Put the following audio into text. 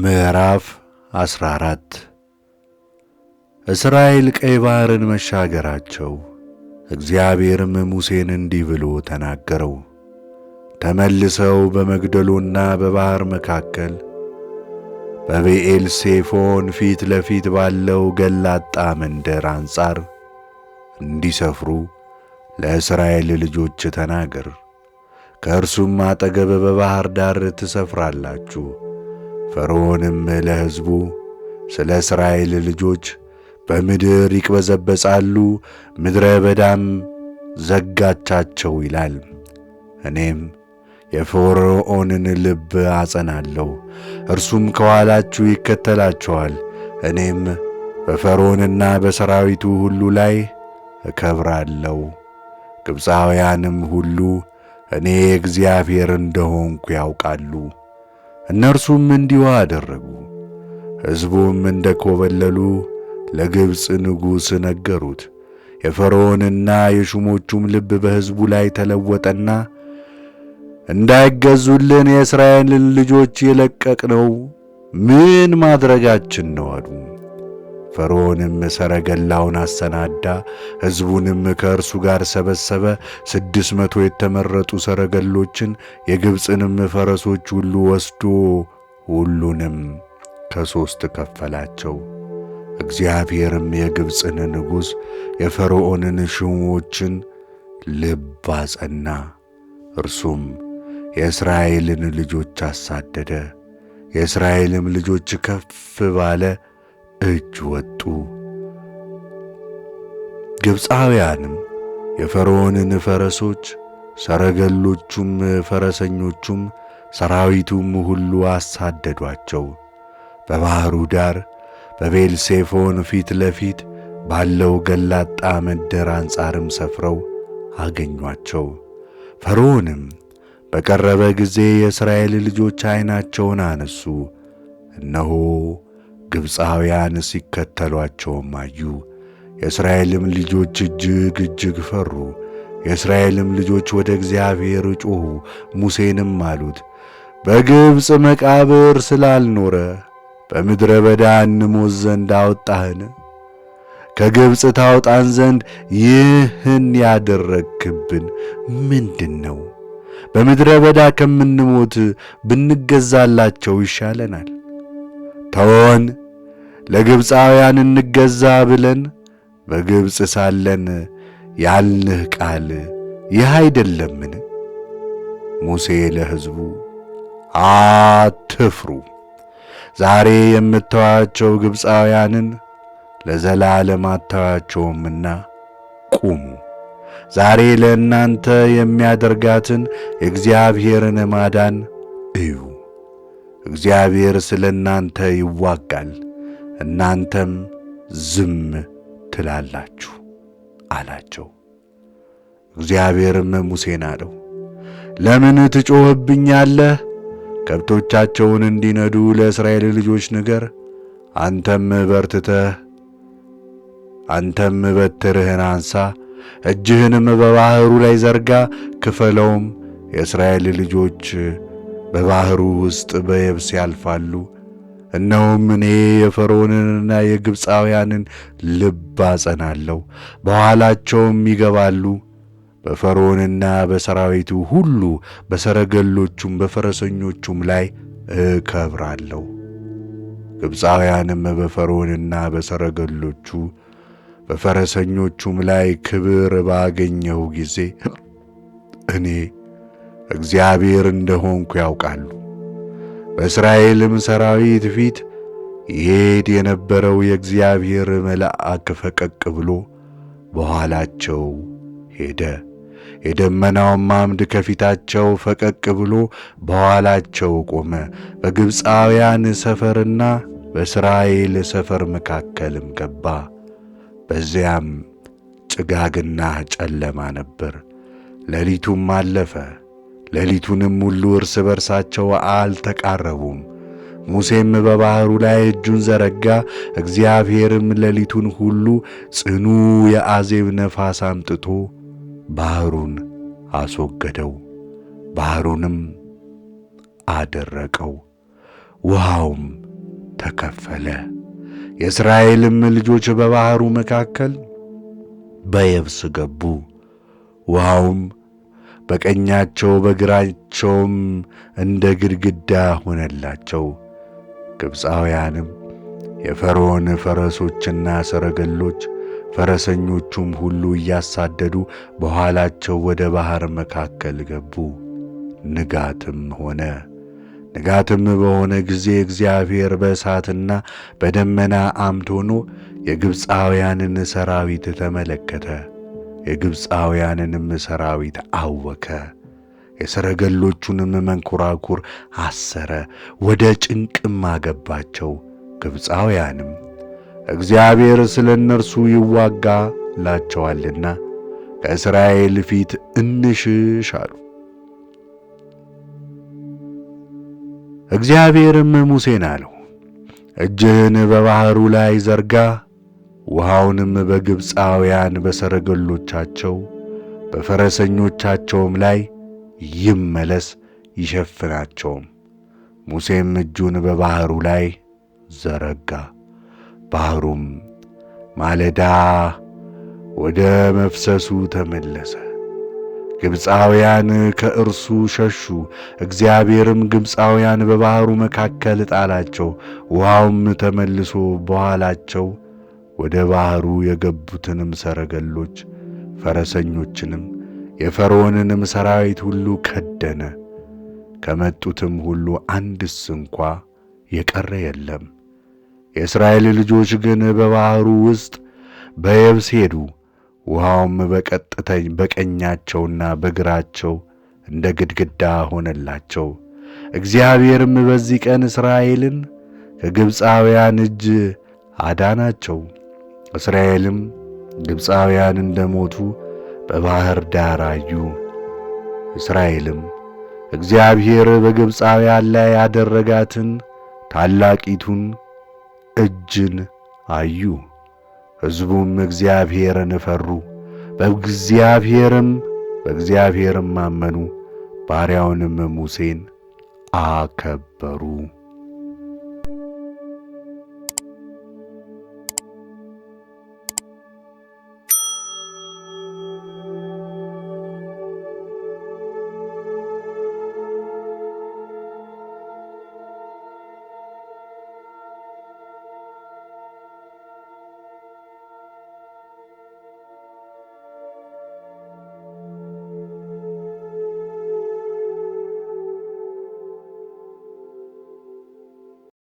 ምዕራፍ 14 እስራኤል ቀይ ባሕርን መሻገራቸው። እግዚአብሔርም ሙሴን እንዲህ ብሎ ተናገረው። ተመልሰው በመግደሎና በባሕር መካከል በቤኤል ሴፎን ፊት ለፊት ባለው ገላጣ መንደር አንጻር እንዲሰፍሩ ለእስራኤል ልጆች ተናገር። ከእርሱም አጠገብ በባሕር ዳር ትሰፍራላችሁ ፈርዖንም ለሕዝቡ ስለ እስራኤል ልጆች በምድር ይቅበዘበጻሉ ምድረ በዳም ዘጋቻቸው ይላል። እኔም የፈርዖንን ልብ አጸናለሁ፣ እርሱም ከኋላችሁ ይከተላችኋል። እኔም በፈርዖንና በሰራዊቱ ሁሉ ላይ እከብራለሁ። ግብፃውያንም ሁሉ እኔ እግዚአብሔር እንደሆንኩ ያውቃሉ። እነርሱም እንዲሁ አደረጉ። ሕዝቡም እንደ ኰበለሉ ለግብፅ ንጉሥ ነገሩት። የፈርዖንና የሹሞቹም ልብ በሕዝቡ ላይ ተለወጠና እንዳይገዙልን የእስራኤልን ልጆች የለቀቅነው ምን ማድረጋችን ነው አሉ። ፈርዖንም ሰረገላውን አሰናዳ፣ ሕዝቡንም ከእርሱ ጋር ሰበሰበ። ስድስት መቶ የተመረጡ ሰረገሎችን የግብፅንም ፈረሶች ሁሉ ወስዶ ሁሉንም ከሦስት ከፈላቸው። እግዚአብሔርም የግብፅን ንጉሥ የፈርዖንን ሹሞችን ልብ አጸና። እርሱም የእስራኤልን ልጆች አሳደደ። የእስራኤልም ልጆች ከፍ ባለ እጅ ወጡ። ግብፃውያንም የፈርዖንን ፈረሶች፣ ሰረገሎቹም፣ ፈረሰኞቹም ሰራዊቱም ሁሉ አሳደዷቸው። በባሕሩ ዳር በቤልሴፎን ፊት ለፊት ባለው ገላጣ መደር አንጻርም ሰፍረው አገኟቸው። ፈርዖንም በቀረበ ጊዜ የእስራኤል ልጆች ዐይናቸውን አነሱ፣ እነሆ ግብፃውያን ሲከተሏቸውም አዩ። የእስራኤልም ልጆች እጅግ እጅግ ፈሩ። የእስራኤልም ልጆች ወደ እግዚአብሔር ጮኹ። ሙሴንም አሉት፣ በግብፅ መቃብር ስላልኖረ በምድረ በዳ እንሞት ዘንድ አወጣህን? ከግብፅ ታውጣን ዘንድ ይህን ያደረግክብን ምንድን ነው? በምድረ በዳ ከምንሞት ብንገዛላቸው ይሻለናል። ተወን ለግብፃውያን እንገዛ ብለን በግብፅ ሳለን ያልንህ ቃል ይህ አይደለምን? ሙሴ ለሕዝቡ አትፍሩ፣ ዛሬ የምታዩአቸው ግብፃውያንን ለዘላለም አታዩአቸውምና ቁሙ፣ ዛሬ ለእናንተ የሚያደርጋትን የእግዚአብሔርን ማዳን እዩ እግዚአብሔር ስለ እናንተ ይዋጋል፣ እናንተም ዝም ትላላችሁ አላቸው። እግዚአብሔርም ሙሴን አለው፣ ለምን ትጮህብኛለህ? ከብቶቻቸውን እንዲነዱ ለእስራኤል ልጆች ንገር። አንተም በርትተህ አንተም በትርህን አንሳ፣ እጅህንም በባሕሩ ላይ ዘርጋ፣ ክፈለውም የእስራኤል ልጆች በባሕሩ ውስጥ በየብስ ያልፋሉ። እነሆም እኔ የፈርዖንንና የግብፃውያንን ልብ አጸናለሁ፣ በኋላቸውም ይገባሉ። በፈርዖንና በሰራዊቱ ሁሉ በሰረገሎቹም በፈረሰኞቹም ላይ እከብራለሁ። ግብፃውያንም በፈርዖንና በሰረገሎቹ በፈረሰኞቹም ላይ ክብር ባገኘሁ ጊዜ እኔ እግዚአብሔር እንደሆንኩ ያውቃሉ። በእስራኤልም ሰራዊት ፊት ይሄድ የነበረው የእግዚአብሔር መልአክ ፈቀቅ ብሎ በኋላቸው ሄደ። የደመናውም አምድ ከፊታቸው ፈቀቅ ብሎ በኋላቸው ቆመ። በግብፃውያን ሰፈርና በእስራኤል ሰፈር መካከልም ገባ። በዚያም ጭጋግና ጨለማ ነበር። ሌሊቱም አለፈ። ሌሊቱንም ሁሉ እርስ በርሳቸው አልተቃረቡም። ሙሴም በባሕሩ ላይ እጁን ዘረጋ። እግዚአብሔርም ሌሊቱን ሁሉ ጽኑ የአዜብ ነፋስ አምጥቶ ባሕሩን አስወገደው፣ ባሕሩንም አደረቀው፣ ውሃውም ተከፈለ። የእስራኤልም ልጆች በባሕሩ መካከል በየብስ ገቡ፣ ውሃውም በቀኛቸው በግራቸውም እንደ ግድግዳ ሆነላቸው። ግብፃውያንም የፈርዖን ፈረሶችና ሰረገሎች ፈረሰኞቹም ሁሉ እያሳደዱ በኋላቸው ወደ ባሕር መካከል ገቡ። ንጋትም ሆነ። ንጋትም በሆነ ጊዜ እግዚአብሔር በእሳትና በደመና አምድ ሆኖ የግብፃውያንን ሰራዊት ተመለከተ። የግብፃውያንንም ሰራዊት አወከ። የሰረገሎቹንም መንኮራኩር አሰረ፣ ወደ ጭንቅም አገባቸው። ግብፃውያንም እግዚአብሔር ስለ እነርሱ ይዋጋላቸዋልና ከእስራኤል ፊት እንሽሽ አሉ። እግዚአብሔርም ሙሴን አለው፣ እጅህን በባሕሩ ላይ ዘርጋ ውሃውንም በግብፃውያን በሰረገሎቻቸው በፈረሰኞቻቸውም ላይ ይመለስ ይሸፍናቸውም። ሙሴም እጁን በባሕሩ ላይ ዘረጋ። ባሕሩም ማለዳ ወደ መፍሰሱ ተመለሰ። ግብፃውያን ከእርሱ ሸሹ። እግዚአብሔርም ግብፃውያን በባሕሩ መካከል ጣላቸው። ውሃውም ተመልሶ በኋላቸው ወደ ባሕሩ የገቡትንም ሰረገሎች ፈረሰኞችንም የፈርዖንንም ሰራዊት ሁሉ ከደነ። ከመጡትም ሁሉ አንድስ እንኳ የቀረ የለም። የእስራኤል ልጆች ግን በባሕሩ ውስጥ በየብስ ሄዱ። ውሃውም በቀጥተኝ በቀኛቸውና በግራቸው እንደ ግድግዳ ሆነላቸው። እግዚአብሔርም በዚህ ቀን እስራኤልን ከግብፃውያን እጅ አዳናቸው። እስራኤልም ግብፃውያን እንደሞቱ በባህር ዳር አዩ። እስራኤልም እግዚአብሔር በግብፃውያን ላይ ያደረጋትን ታላቂቱን እጅን አዩ። ሕዝቡም እግዚአብሔርን ፈሩ፣ በእግዚአብሔርም በእግዚአብሔርም አመኑ፣ ባሪያውንም ሙሴን አከበሩ።